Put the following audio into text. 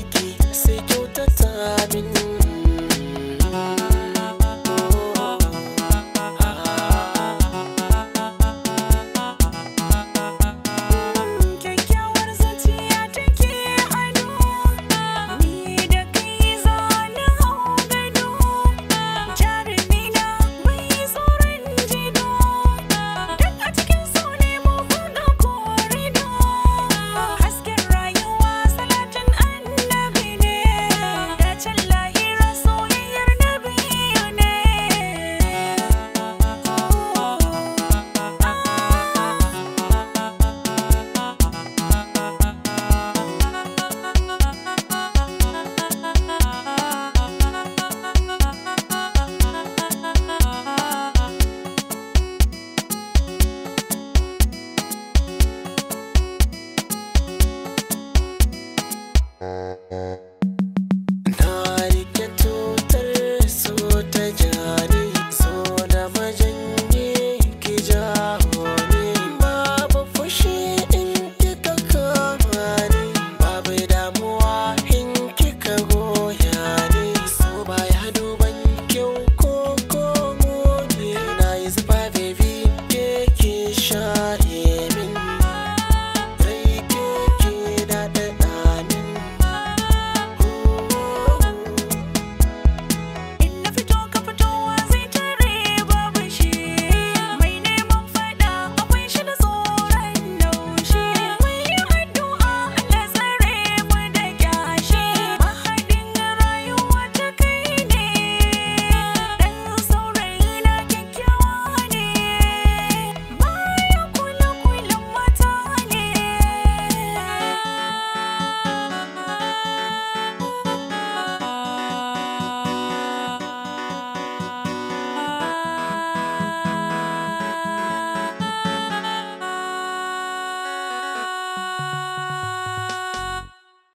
aiki sai kyautata mini